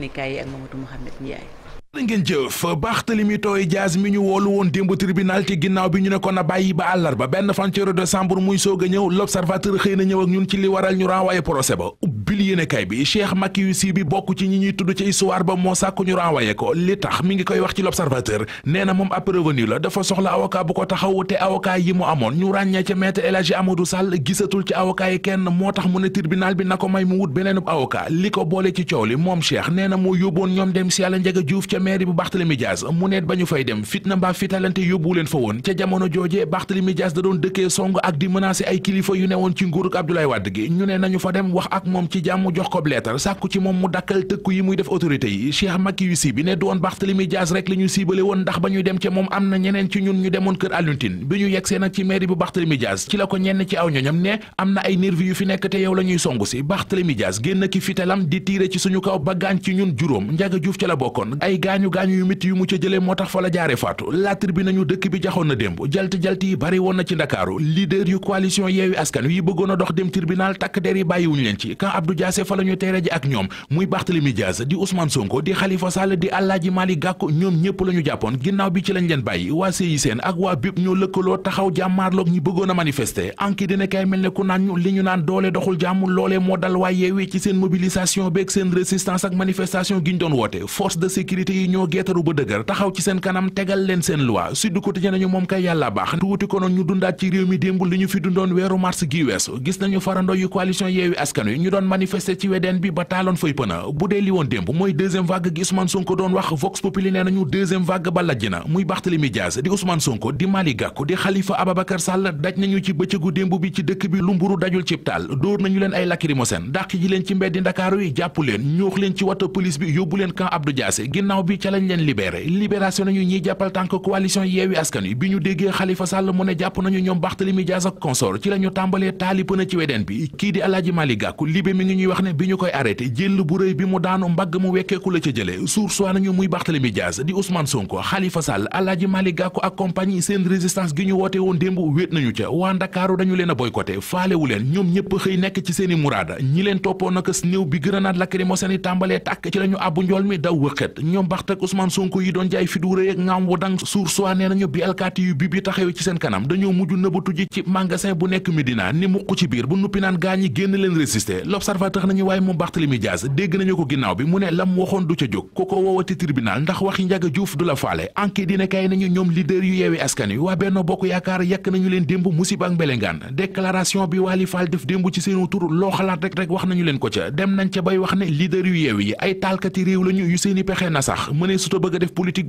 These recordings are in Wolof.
yéenekaay yi ak da ngeen jëf Barthélemy Toye Dias mi ñu woolu woon démb tribunal ci ginnaaw bi ñu ne ko na bàyyi ba àllarba benn fan ci décembre muy soog a ñëw l'observateur xëy na ñëw ak ñun ci li waral ñu renvoyé procès ba ubbil yéenekaay bi Cheikh Macky yu si bi bokk ci ñi ñuy tudd ci histoire ba moo sàkku ñu renvoyé ko li tax mi ngi koy wax ci l'observateur nee moom ab revenu la dafa soxla avocat bu ko taxawu te avocat yi mu amoon ñu ràññee ca maître El Hadji Amadou Sall gisatul ci avocat yi kenn moo tax mu ne tribunal bi na ko may mu wut beneenub avocat li ko boole ci coow li moom Cheikh nee na moo yóbboon ñoom dem si yàlla Ndiaga Diouf ca mairie bu Barthélemy Dias ba ñu fay dem fitna mbaa fitalante yóbbu leen fa woon ca jamono jooje Barthélemy Dias da doon dëkkee song ak di menacer ay kilifa yu Macky Dia mu jox ko sàkku ci moom mu dakkal tëkku yi muy def autorité yi Cheikh Macky yu siibi ne du woon Barthélémy Dias rek siibale woon ndax ba ñuy dem ca moom am na ñeneen ci ñun ñu demoon kër Alioune bi ñu yegsee nag ci mairie bu Barthélémy Dias ci la ko ñenn ci aw ñoñam ne am na ay nervi yu fi nekk te yow la songu si Barthélémy Dias génn ki fitalam di tiire ci suñu kaw ba gaañ ci ñun juróom Ndiaga Diouf ca la bokkoon ay gaañu-gaañu yu métti Abdou Diassé fa la ñu teere ji ak ñoom muy Barthélémy Dias di Ousmane Sonko di Khalifa Sall di Alaaji Malick Gakou ñoom ñëpp la jàppoon ginnaaw bi ci leen bàyyi waa CICN ak waa BIP ñoo lëkkaloo taxaw jàmmaarloog ñi bëggoon a manifester dina kay mel ne ku naan li ñu naan doole doxul jàmm loolee moo dal waa yeewee ci seen mobilisation beeg seen résistance ak manifestation gi ñu doon woote force de sécurité yi ñoo geetaru ba dëgër taxaw ci seen manifester ci wedeen bi ba taaloon fay pëna bu dee woon démb mooy deuxième vague gi Ousmane Sonko doon wax Vox Populi nañu deuxième vague ba lajj na muy Barthélémy Dias di Ousmane Sonko di Malick Gakou di Khalifa Ababacar Sall daj nañu ci bëccëgu démb bi ci dëkk bi lu mburu dajul cib taal dóor nañu leen ay lacrymogène dàq ji leen ci mbeddi Ndakaaru yi jàpp leen ñoox leen ci wata police bi yóbbu leen camp Abdou Diassé ginnaaw bi ca lañ leen libéré libération nañu ñiy jàppal tànk coalition Yewwi Askan Wi bi ñu déggee Khalifa ngi ñuy wax ne bi ñu koy arrêté jël bu rëy bi mu daanu mbagg mu wekkeeku la ca jële suur soi nañu muy Barthélemy Dias di Ousmane Sonko Khalifa Sall Alaaji Malick Gakou ak compagnie seen résistance gi ñu woote woon démb wéet nañu ca waa Ndakaaru dañu leen a faalewu leen ñoom ñëpp xëy nekk ci seeni muraada ñi leen toppoo néew bi grenade lacrymogène yi tàmbalee tàkk ci la ñu njool mi daw wëqet ñoom baxte ak Ousmane yi doon jaay fit l'observateur nañu waaye moom Barthélémy Dias dégg nañu ko ginnaaw bi mu ne lam waxoon du ca jóg ku ko woowati tribunal ndax waxi Ndiaga Diouf du la faale enquête dina kay nañu ñoom leader yu yeewi askan waa Benno Bokk Yaakaar yàkk nañu leen démb musiba mbelengaan déclaration bi Wali Fall def démb ci seenu tur loo xalaat rek wax nañu leen ko ca dem nañ ca bay wax ne leader yu yeew ay taalkati réew lañu yu seeni pexe na sax mënee suta bëgg a def politique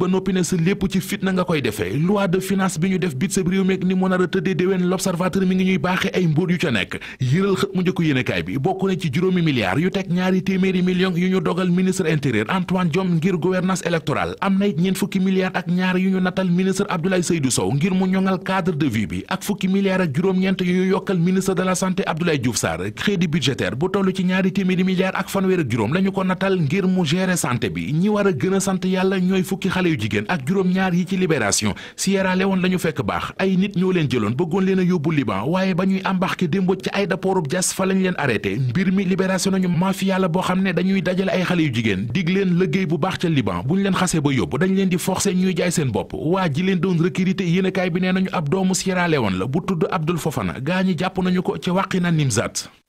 bi ñu juróomi milliards yu teg ñaari téeméeri millions yu ñu dogal ministre intérieur Antoine Diome ngir gouvernance électorale am na it ñeent fukki milliards ak ñaar yu ñu natal ministre Abdoulaye Seydou Sow ngir mu ñoŋal cadre de vie bi ak fukki milliards ak juróom-ñeent yu ñu yokkal ministre de la santé Abdoulaye Diouf Sarr crédit bu toll ci ñaari téeméeri milliards ak fanweer ak juróom lañu ko natal ngir mu gérer santé bi ñi war a gën a sant yàlla ñooy fukki xale yu jigéen ak juróom-ñaar yi ci libération Sierra Leone lañu fekk baax ay nit ñoo leen jëloon bëggoon leen a yóbbu Liban waaye ba ñuy embarqué démb ci aéroportu Diass fa lañ leen arrêté mbir mi libération nañu mafia la boo xam ne dañuy dajale ay xale yu jigéen dig leen liggéey bu baax ca Liban bu ñu leen xasee ba yóbbu dañ leen di forcer ñuy jaay seen bopp waa ji leen doon recruter yéenekaay bi nee nañu ab doomu Sierra woon la bu tudd Abdul Fofana gaa ñi jàpp nañu ko ci Wakhinane Nimzatt